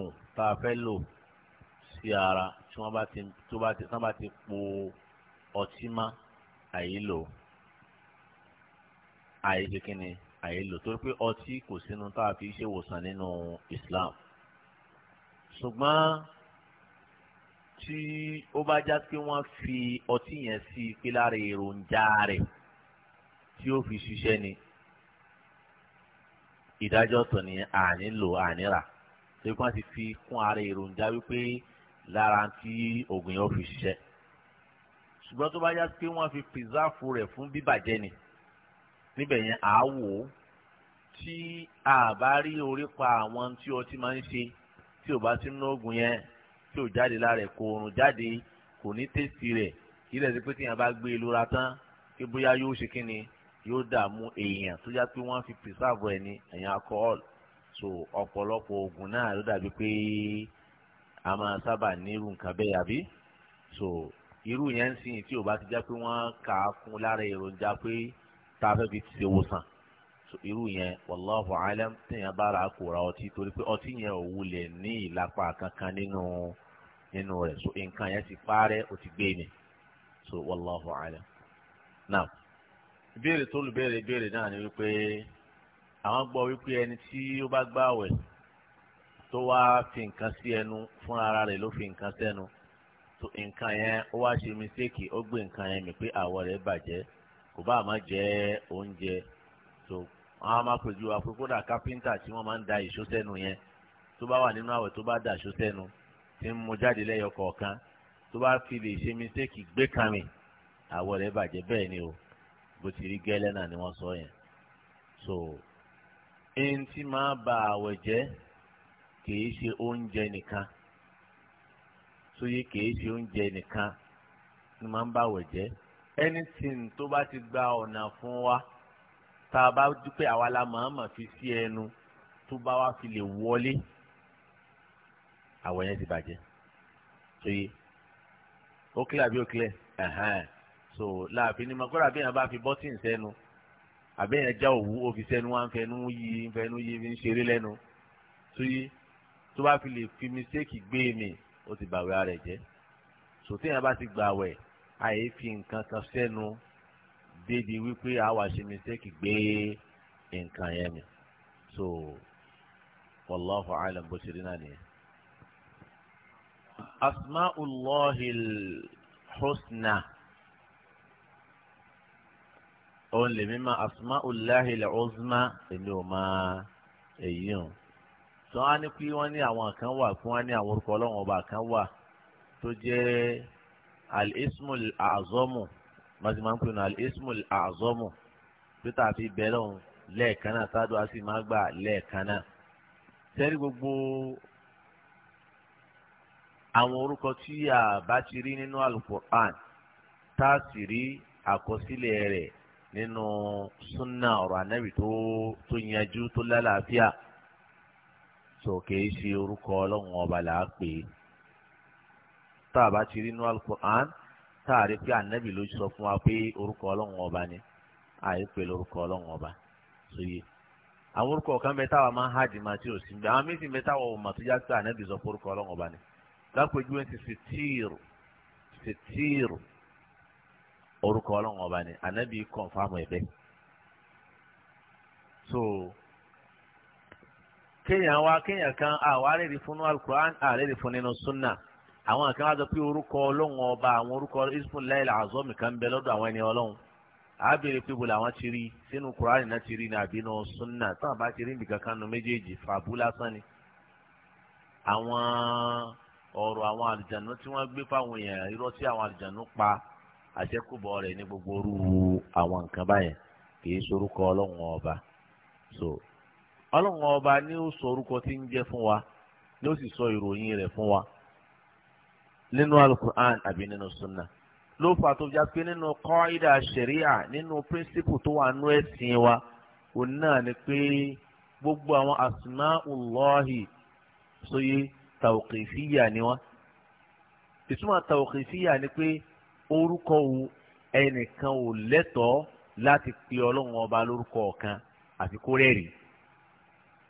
oògùn tá a fẹ́ lò sí ara tí wọ́n bá ti tó bá ti tán bá ti po ọtí má àyílò àyíkékinni àyílò torí pé ọtí kò sínú tá a fi ṣe wòsàn nínú Islam ṣùgbọ́n tí ó bá já pé wọ́n fi ọtí yẹn sí i pé lára èròjà rẹ̀ tí ó fi ṣiṣẹ́ ni ìdájọ́ tó ní ànílò ànírà ṣé kí wọ́n ti fi kún ara èròjà wípé lára tí oògùn yẹn ó fi ṣiṣẹ́ ṣùgbọ́n tó bá yá pé wọ́n fi pìsáàfù rẹ̀ fún bíbàjẹ́ ni níbẹ̀ yẹn àá wò ó tí a bá rí orí pa àwọn tí ọtí máa ń ṣe tí ò bá sínú oògùn yẹn tí ò jáde lára ẹ̀ kò òrùn jáde kò ní tèsì rẹ̀ kí lè ṣe pé tíyẹn bá gbé e lóra tán kí bóyá yóò ṣe kí ni yóò dààmú èèyàn tó yá pé wọ́n fi pìsáàfù rẹ̀ ní ẹ̀yìn alcohol so ọ̀pọ̀lọpọ̀ oògùn náà ló dàbí pé a máa sábà ní nǹkan bẹ́ẹ̀ àbí so irú yẹn ń sìn tí ò bá ti jẹ́ pé wọ́n kà á kún lára èròjà pé tá a fẹ́ fi ti ṣe wòsàn so irú yẹn wallahu alam téèyàn bá ra kó ra ọtí torí pé ọtí yẹn ò wulẹ̀ ní ìlapa kankan nínú nínú rẹ̀ so nǹkan yẹn ti parẹ́ ó ti gbé ni so wallahu alam náà ìbéèrè tó lù béèrè ìbéèrè náà ni wípé. àwọn gbọ́ wípé ẹni tí ó bá gbààwẹ̀ tó wá fi nǹkan sí ẹnu fún ara rẹ̀ ló fi nǹkan sẹ́nu tó nǹkan yẹn ó wá ṣe mistake ó gbé nǹkan yẹn mì pé àwọ̀ rẹ̀ bàjẹ́ kò bá àmọ́ jẹ oúnjẹ tó àwọn á máa pèjú wa pé kódà kápẹ́ńtà tí wọ́n máa ń da ìṣó sẹ́nu yẹn tó bá wà nínú àwẹ̀ tó bá da ìṣó sẹ́nu tí ń mu jáde lẹ́yọ kọ̀ọ̀kan tó bá fi lè ṣe mistake gbé kan mì àwọ̀ rẹ̀ bàjẹ́ bẹ́ẹ̀ ni o bó ti rí gẹ́lẹ́ náà ni wọ́n sọ yẹn so. ẹni tí máa ba àwẹ̀ jẹ́ kìí ṣe oúnjẹ nìkan sóyè kìí ṣe oúnjẹ nìkan ni máa ń ba àwẹ̀ jẹ́ anything tó bá ti gba ọ̀nà fún wa tá a bá dúpẹ́ àwa la màámà fi sí ẹnu tó bá wá fi lè wọlé àwẹ̀ yẹn ti bàjẹ́ sóyè ó clear bí ó clear so láàfin ni mo kọ́ra bí yẹn bá fi bọ́tìn sẹ́nu àbẹ́yẹn já òwú ó fi sẹ́nu wá ń fẹnu yí ń fẹnu yí ṣeré lẹ́nu tó tó bá fi lè fi mistake gbé mi ó ti bàwẹ̀ ara rẹ̀ jẹ́ sòtéèyàn bá ti gbàwẹ̀ àyè fi nǹkan kan sẹ́nu débi wípé àwa ṣe mistake gbé nǹkan yẹn mi so wallahu alam bó ṣe rí náà nìyẹn. asma'ullahil husna. òun lèmi máa asma'ullahi al-uzma èmi ò máa èyí o tí wọ́n á ní pé wọ́n ní àwọn kan wà kí wọ́n ní àwọn orúkọ ọlọ́run ọba kan wà tó jẹ́ al-ismul a'zamu màsí máa ń pè ní al-ismul a'zamu pété àfi bẹ́ẹ̀ lọ́hùn lẹ́ẹ̀kan náà sáájú a sì máa gbà náà sẹ́rí gbogbo àwọn orúkọ tí a bá ti rí nínú alukur'an tá a sì rí àkọsílẹ̀ rẹ̀ nínú súnà ọ̀rọ̀ ànábì tó tó yanjú tó lálàáfíà tó kìí ṣe orúkọ ọlọ́run ọba là á pè é tá a bá ti rí inú alukur'an tá a rí pé ànábì ló sọ fún wa pé orúkọ ọlọ́run ni àyè pé oruko ọlọ́run ọba tó yẹ àwọn orúkọ kan bẹ táwa máa ń hajj máa tí ò sí bẹ àwọn méjì bẹ táwa tó já pé ànábì sọ fún orúkọ ọlọ́run ni orúkọ ọlọ́run ọba ni ànábì kọ̀ǹfàmù ẹ̀ so kéèyàn wa kéèyàn kan àwọn arèrè fún nínú alukur'an arèrè fún nínú sunna àwọn kan wá sọ pé orúkọ ọba àwọn orúkọ ismullahi al-azami kan bẹ lọ́dọ̀ àwọn ẹni ọlọ́run a béèrè pé bolo àwọn ti rí sínú kur'an náà ti rí ní àbínú sunna táwọn bá ti rí nìkan kan nu méjèèjì fàbú lásán ni àwọn ọ̀rọ̀ pa àṣẹkùbọ̀ rẹ̀ ní gbogbo orú àwọn nǹkan báyẹn kì í sorúkọ ọlọ́run ọba so ọlọ́run ọba ni ó sọ tí ń fún wa ni ó sì sọ ìròyìn rẹ̀ fún wa nínú alukur'an àbí nínú sunna ló fà tó já pé nínú Kọida ṣẹ̀ríà nínú píríncípù tó wà nú ẹ̀sìn wa òun náà ni pé gbogbo àwọn asma'ullahi sóye tàwùkìfìyà ni wọ́n ìtumọ̀ tàwùkìfìyà ni pé. orúkọ wo ẹnìkan ò lẹ́tọ̀ọ́ láti pe ọlọ́run ọba lórúkọ ọ̀kan àfi kó rẹ́rì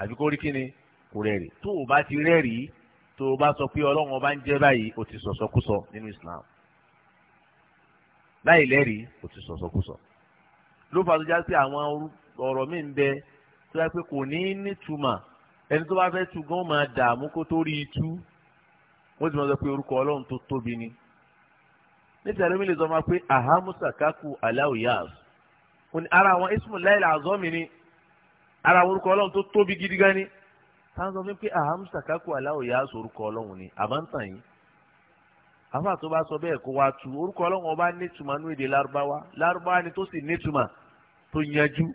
àfi kó rí kíni kó rẹ́rì tó o bá ti rẹ́rì tó o bá sọ pé ọlọ́run ọba ń jẹ́ báyìí o ti sọ̀sọ́kúsọ nínú Islam láì lẹ́rìí o ti sọ̀sọ́kúsọ ló fà tó já sí àwọn ọ̀rọ̀ mi ń bẹ tó yẹ pé kò ní nítumọ̀ ẹni tó bá fẹ́ tu gan máa dààmú kó tó rí i tú wọ́n ti máa sọ pé orúkọ ọlọ́run tó tóbi ni nítorí mi lè sọ ma pé ahamusa kaku aláwìyáàs wọn ni ara àwọn ismu láìlẹ ni ara àwọn orúkọ ọlọ́run tó tóbi gidi gan ni táwọn sọ fún pé ahamusa kaku aláwìyáàs orúkọ ọlọ́run ni àbántàn yìí àfa tó bá sọ bẹ́ẹ̀ kó wá tu orúkọ ọlọ́run ọba nítumọ̀ nínú èdè lárúbáwá lárúbáwá ni tó sì nítumọ̀ tó yanjú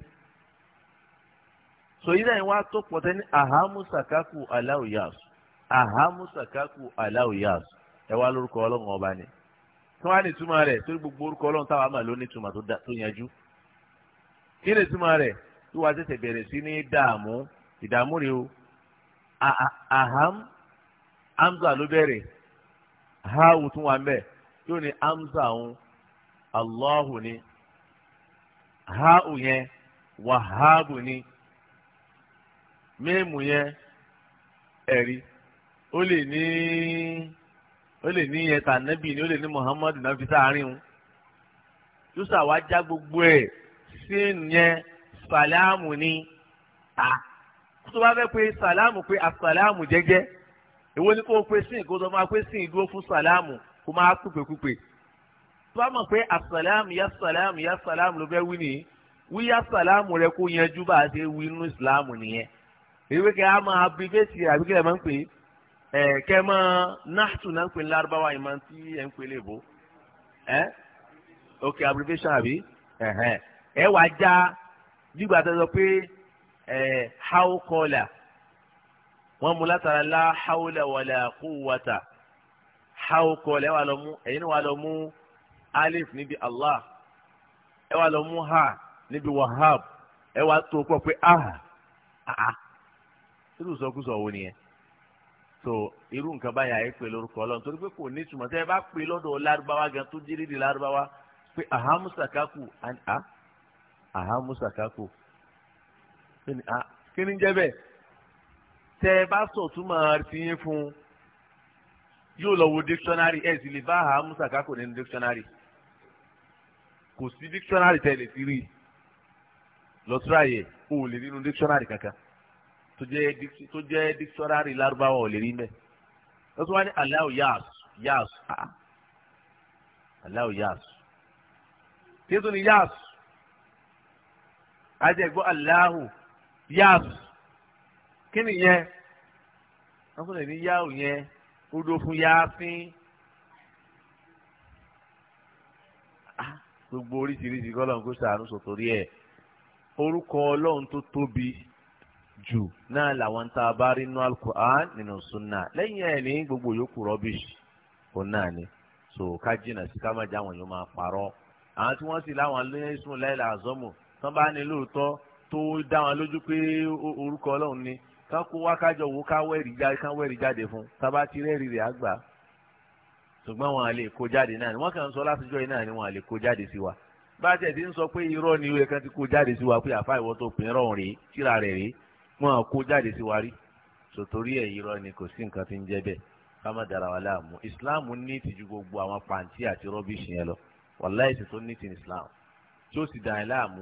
sòyí náà wá tó pọ̀ tẹ́ni ahamusa kaku aláwìyáàs ahamusa kaku aláwìyáàs ẹ wá lórúkọ ọlọ́run ọba ni. kí wọ́n á ní ìtumọ̀ rẹ̀ torí gbogbo orúkọ ọlọ́run táwa máa ló ìtumọ̀ tó yanjú kí ni ìtumọ̀ rẹ̀ tí tètè bẹ̀rẹ̀ sí ní o aham hamza ló bẹ̀rẹ̀ haahu tún mbe mbẹ̀ yóò ní amza òun allahu ni haahu yẹn wahabu ni mímu yẹn ẹ̀rí ó lè Ni... ó lè ní ẹ̀ka nẹ́bì ni ó lè ní muhammadu náà fi sáárín un yusuf àwa já gbogbo ẹ̀ sí ìyẹn sàlámù ni a tó bá fẹ́ pé sàlámù pé asàlámù jẹ́jẹ́ èwo ni kò pé sí ìkó tó máa pé sí ìdúró fún sàlámù kó máa kúpèkúpè tó bá mọ̀ pé asàlámù yá sàlámù yá sàlámù ló fẹ́ wí nìyí wíyá sàlámù rẹ kó yanjú bá a ṣe wí inú ìsìlámù nìyẹn èyí wí kẹ́ a máa bí bẹ́ẹ̀ sí àbíkẹ́ ẹ̀ máa ń pè é ẹ kẹ mọ nahtu náà ń pè ní lárúbáwá yìí máa ń tí ẹ ń pè léèbó ẹ ok abbreviation àbí ẹ wàá já gbígbà tó sọ pé ẹ haokola wọn mú látara la haola wàlà kúwàtà haokola ẹ wàá lọ mú ẹyin ni wàá lọ mú alif níbi allah ẹ wàá lọ mú ha níbi wahab ẹ wàá tó pọ̀ pé ah ah, ah. irú sọkúsọ wo nìyẹn so irú nǹkan báyà ẹ pè lórúkọ ọlọ́run torí pé kò ní ìtumọ̀ tẹ́ ẹ bá pè lọ́dọ̀ lárúbáwá gan tó jírí di lárúbáwá pé ahamusakaku a ahamusakaku ah, kí ni jẹ́ bẹ́ẹ̀ tẹ́ ẹ bá sọ̀túnmọ̀ ti yín fún un yóò lọ wo dictionary ẹ sì lè bá ahamusakaku nínú dictionary kò sí dictionary tẹ́ ẹ lè ti rí lọ́túráyè o ò lè nínú dictionary kankan tó jẹ́ dictionary lárúbáwá ò lè rí mẹ́ wọ́n tún wá ní aláwọ̀ yas yas ah. aláwọ̀ yas kí ló ní yas ajẹ́gbọ́ aláwọ̀ yas kí ni yẹn wọ́n tún lè ní yáwò yẹn ó dó fún yááfín. Ah, gbogbo oríṣiríṣi kọ́lọ́n kó sàánú sọ̀tòrí ẹ̀ orúkọ ọlọ́run tó tóbi jù náà làwọn tá a bá rí nínú alukur'an nínú sunna lẹ́yìn ẹ̀ ní gbogbo yòókù rọ́bìṣì òun náà ni so ká jìnnà sí ká má jẹ́ àwọn yòó máa parọ́ àwọn tí wọ́n sì láwọn lóyún ìsúnmù láìla àzọ́mù tán bá ní lóòótọ́ tó dá wọn lójú pé orúkọ ọlọ́run ni kán kó wákàjọ wo ká wẹ́rì jáde fún tábà ti rẹ́rì rẹ̀ àgbà ṣùgbọ́n wọn à kó jáde náà ni wọ́n kàn ń sọ látijọ́ yìí náà ni wọn à lè kó jáde sí wa bá a tẹ̀ ti ń sọ pé irọ́ ni ìwé kan ti kó jáde sí wa pé àfa ìwọ tó pin rọrùn rèé tíra rẹ̀ rèé wọn à kó jáde sí wa rí sòtórí ẹ̀ irọ́ ni kò sí nǹkan tí ń jẹ́ bẹ́ẹ̀ ká má dara wa láàmú islam ní ìtìjú gbogbo àwọn pàǹtí àti rọ́bìṣì yẹn lọ wàláyé sì tó ní ti islam tí ó sì dàn ẹ́ láàmú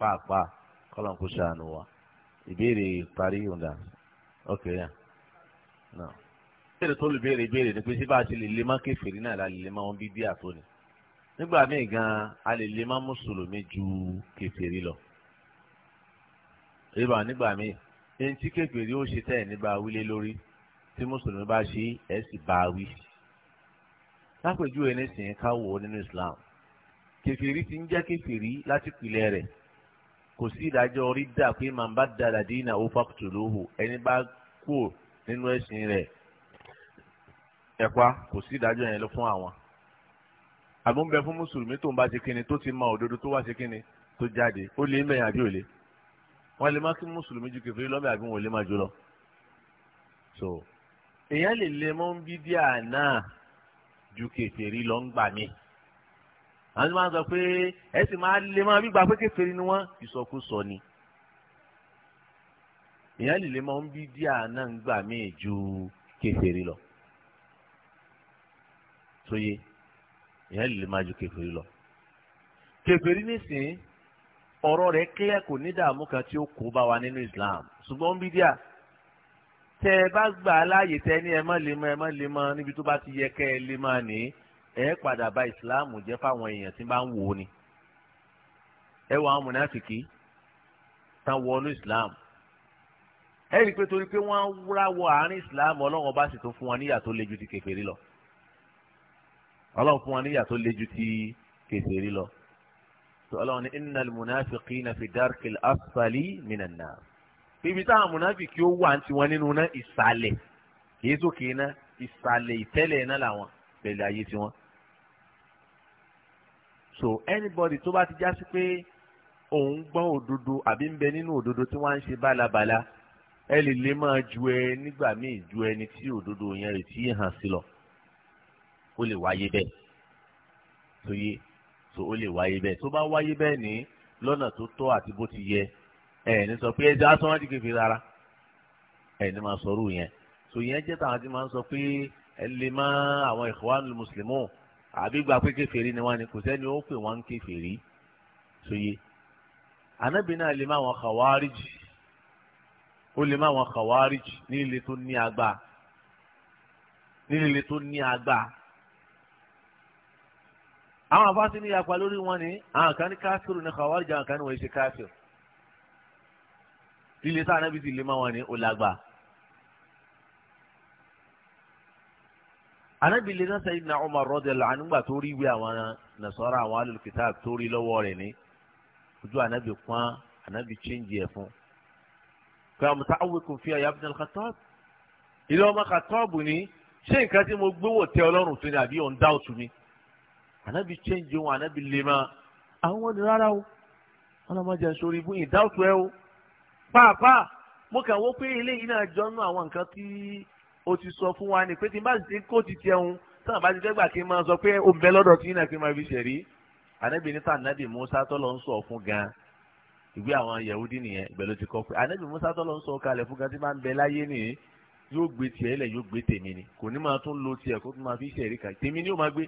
pàápàá kọ́lọ́n kó ṣàánú wa ìbéèrè parí yòǹda ok yàn nà. ìbéèrè tó lè béèrè ìbéèrè ni pé síbá àti lè lè má kèfèrí náà la lè lè má wọn bí díà tó nígbà míì gan a lè lè má mùsùlùmí ju kèfèrí lọ rírà nígbà míì ẹni tí kékeré ó ṣe tẹ̀ nígbà wílé lórí tí mùsùlùmí bá ṣe ẹ̀ sì bá a wí. lápèjúwe nísìnyí ká wò ó nínú Islam kèfèrí ti ń jẹ́ kèfèrí láti pìlẹ̀ rẹ̀ kò sí ìdájọ́ rídà pé màá bá dàdà dínà ó fàkùtù lóhù ẹni bá kú nínú ẹ̀sìn rẹ̀ ẹ̀pá kò sí ìdájọ́ yẹn lọ fún àwọn. àbúńbẹ fún mùsùlùmí tó ń bá ṣe kíni tó ti mọ òdodo tó wá ṣe kíni tó jáde ó lè mẹ́yìn àbí òlé wọ́n lè má kí mùsùlùmí ju kèfèrí lọ́mọ àbí wọn lè má jù lọ. so èèyàn lè lè mọ́ ń bí díà náà ju kèfèrí lọ ń gbà mí. àwọn tí wọ́n sọ pé ẹ sì máa lè má bí gbà pé kèfèrí ni wọ́n ìsọkúsọ ni. èèyàn lè lè mọ́ ń bí díà náà ń gbà mí ju kèfèrí lọ. sóye èèyàn lè lè má ju kèfèrí lọ. kèfèrí nísìnyí ọ̀rọ̀ rẹ̀ clear kò ní dààmú kan tí ó kó bá wa nínú Islam ṣùgbọ́n bídíà tẹ ẹ bá gbà á láàyè tẹ ní ẹ má lè mọ ẹ má lè níbi tó bá ti yẹ kẹ ẹ lè máa ẹ padà bà Islam jẹ́ fáwọn èèyàn tí bá ń wò ó ni ẹ wọ àwọn mùnàfìkì tán wọnú Islam ẹ rí i pé torí pé wọ́n wúra wọ àárín Islam Ọlọ́run ọba sì tó fún wọn níyà tó le ju ti kèfèrí lọ Ọlọ́run fún wọn níyà tó le ju ti kèfèrí lọ ọlọ́run ní innal munafiqina fi darkil asfali minan nar. ibi táwọn munafiki ó wà tí wọ́n nínú náà ìsàlẹ̀ kìí sókè iná ìsàlẹ̀ ìtẹ́lẹ̀ iná làwọn pẹ̀lú ayé tiwọn. so anybody tó bá ti já sí pé òun gbọ́n òdodo àbí ń bẹ nínú òdodo tí wọ́n á ń ṣe bálabàla ẹ lè lè máa ju ẹ nígbà míì ju ẹni tí òdodo yẹn rè tí hàn sí lọ ó lè wáyé bẹ́ẹ̀ tó yé. So, so ó lè wáyé bẹ́ẹ̀ tó bá wáyé bẹ́ẹ̀ ní lọ́nà tó tọ́ àti bó ti yẹ ẹ ní sọ pé ẹja tó wọ́n ti kékeré rárá ẹ ní máa sọrú yẹn so yẹn jẹ́ táwọn ti máa ń sọ pé ẹ lè má àwọn Ikhwanul Muslimun àbí gba pé kèfèrí ni wọ́n ni kò sẹ́ni ó pè wọ́n kèfèrí so yé anábì náà lè má àwọn Khawarij ó lè má àwọn Khawarij ní tó ní agbá ní tó ní agbá àwọn afáàsì ní yàpá lórí wọn ni àwọn kan ní káfíìrù ní khawarij àwọn kan ní wọ́n ṣe káfíìrù líle sáà náà bí ti lè má wọn ni ó lágbàá. anabi lena sayidina umar radiyallahu anhu nígbà tó rí ìwé àwọn nasara àwọn alulukitab tó rí lọ́wọ́ rẹ̀ ní ojú anabi pọ́n anabi chéńjì ẹ̀ fún. pé àwọn mọ̀tá awé kò fi àyà abdul khatab ilé ọmọ khatab ni ṣé nǹkan tí mo gbówó tẹ ọlọ́run tó ni àbí ọ̀n dá òtún mi ànábì change wọn ànábì lè máa àwọn wọn ni rárá o wọn lọ́mọ jẹ́ sórí ibú ìdáwùtò ẹ o pàápàá mo kàn wọ́n pé eléyìí náà jọ nú àwọn nǹkan tí o ti sọ fún wa ni pé tí n bá ti kó ti tẹun sáà bá ti dẹ́gbà kí n máa sọ pé o bẹ lọ́dọ̀ tí náà kí n máa fi ṣẹ̀rí ànábì ní sànàbì Musa tọ́lọ̀ ń sọ fún gan ìwé àwọn Yahudi nìyẹn ìbẹ̀lú ti kọ́ pé ànábì Musa tọ́lọ̀ ń sọ kalẹ̀ fún gan tí máa ń bẹ láyé nìyẹn yóò gbé tiẹ̀ lẹ̀ yóò gbé tèmi ni kò ní máa tún lo tiẹ̀ kó tún máa fi ṣẹ̀rí kan tèmi ni ó máa gbé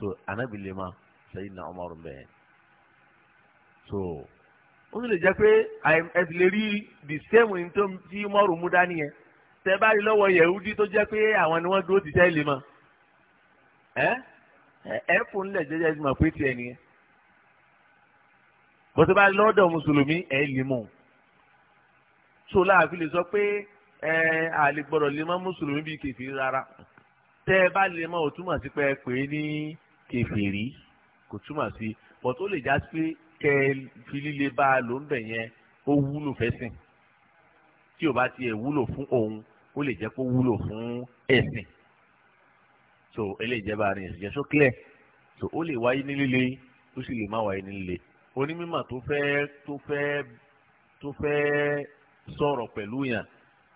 so anabi lè ma Sayyidina Umar bẹ́ẹ̀ so ó sì lè jẹ́ pé ẹ sì lè rí the same in tó tí Umar mú dání yẹn tẹ bá rí lọ́wọ́ yẹ̀húdí tó jẹ́ pé àwọn ni wọ́n dúró ti tẹ́lẹ̀ mọ́ ẹ ẹ fún lẹ̀ jẹ́jẹ́ ti mọ̀ pé tiẹ̀ nìyẹn bó ti bá lọ́dọ̀ mùsùlùmí ẹ lè mọ̀ so láàfin lè sọ pé ẹ àlè gbọ́dọ̀ lè mọ́ mùsùlùmí bíi kèfì rárá tẹ ẹ bá lè mọ́ òtúmọ̀ sí pé ẹ pè é ní kèfèrí kò túmọ̀ sí but ó lè já sí kẹ fi líle bá a ló ń bẹ̀ yẹn ó wúlò fẹ́sìn tí ò bá tiẹ̀ wúlò fún òun ó lè jẹ́ kó wúlò fún ẹ̀sìn so eléyìí jẹ́ bá a rìn ìṣẹ̀jẹ̀ so clear so ó lè wáyé ní líle ó sì lè má wáyé ní líle onímọ̀ tó fẹ́ tó fẹ́ tó fẹ́ sọ̀rọ̀ pẹ̀lú yàn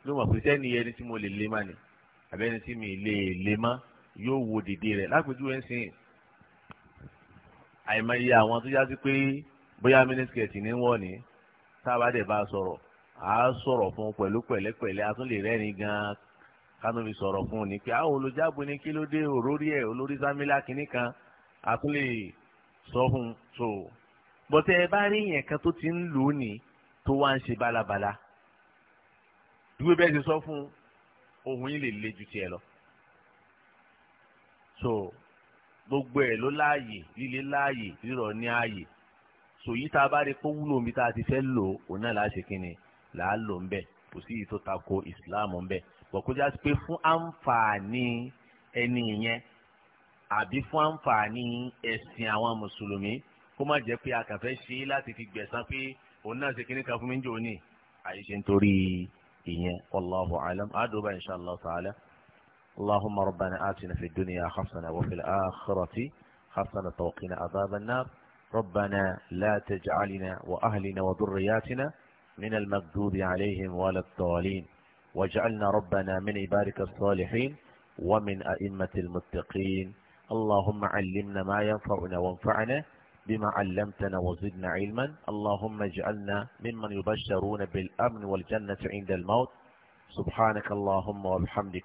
ló mọ̀ pé sẹ́ni ẹni tí mo lè lé má ni àbẹ́ni tí mi lè lé má yóò wo dìde rẹ̀ lápèjúwe ń sìn àìmọye àwọn tó yá sí pé bóyá mínísítì ní wọ́n ní sábà dẹ̀ bá sọ̀rọ̀ à á sọ̀rọ̀ fún un pẹ̀lú pẹ̀lẹ́pẹ̀lẹ́ a tún lè rẹ́rìn gan-an kánú fi sọ̀rọ̀ fún un ah, ni pé àwọn olùjábọ̀ ní kí ló dé òrórí ẹ̀ olórí sámílà kìíní kan a tún lè sọ fún un tó bọ́tẹ́ ẹ bá rí yẹn kan tó ti ń lò ó ní tó wá ń ṣe bálabàla dúró bẹ́ẹ̀ ti sọ fún un ohun yìí lè le ju tiẹ̀ lọ so gbogbo ẹ̀ ló láàyè líle láàyè rírọ̀ ní ààyè sòyí tá a bá rí pé wúlò mi tá a ti fẹ́ lò òun náà láṣẹ kínni là á lò ń bẹ̀ kò sí ìtò tako ìsìláàmù ń bẹ̀ bọ̀ kó já sí pé fún àǹfààní ẹni yẹn àbí fún àǹfààní ẹ̀sìn àwọn mùsùlùmí kó má jẹ́ pé a kàn fẹ́ ṣe láti fi gbẹ̀san pé òun náà ṣe kínní kan fún mi ń jò ní àyíṣe nítorí ìyẹn wallahu alam àdúrà inshallah ta'ala. اللهم ربنا آتنا في الدنيا حسنة وفي الآخرة حسنة وقنا عذاب النار ربنا لا تجعلنا وأهلنا وذرياتنا من المغضوب عليهم ولا الضالين واجعلنا ربنا من عبادك الصالحين ومن أئمة المتقين اللهم علمنا ما ينفعنا وانفعنا بما علمتنا وزدنا علما اللهم اجعلنا ممن يبشرون بالأمن والجنة عند الموت سبحانك اللهم وبحمدك